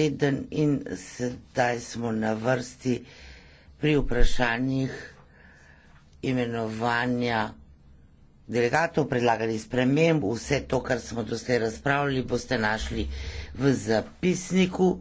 teden in sedaj smo na vrsti pri vprašanjih imenovanja delegatov, predlagali sprememb. Vse to, kar smo doslej razpravljali, boste našli v zapisniku.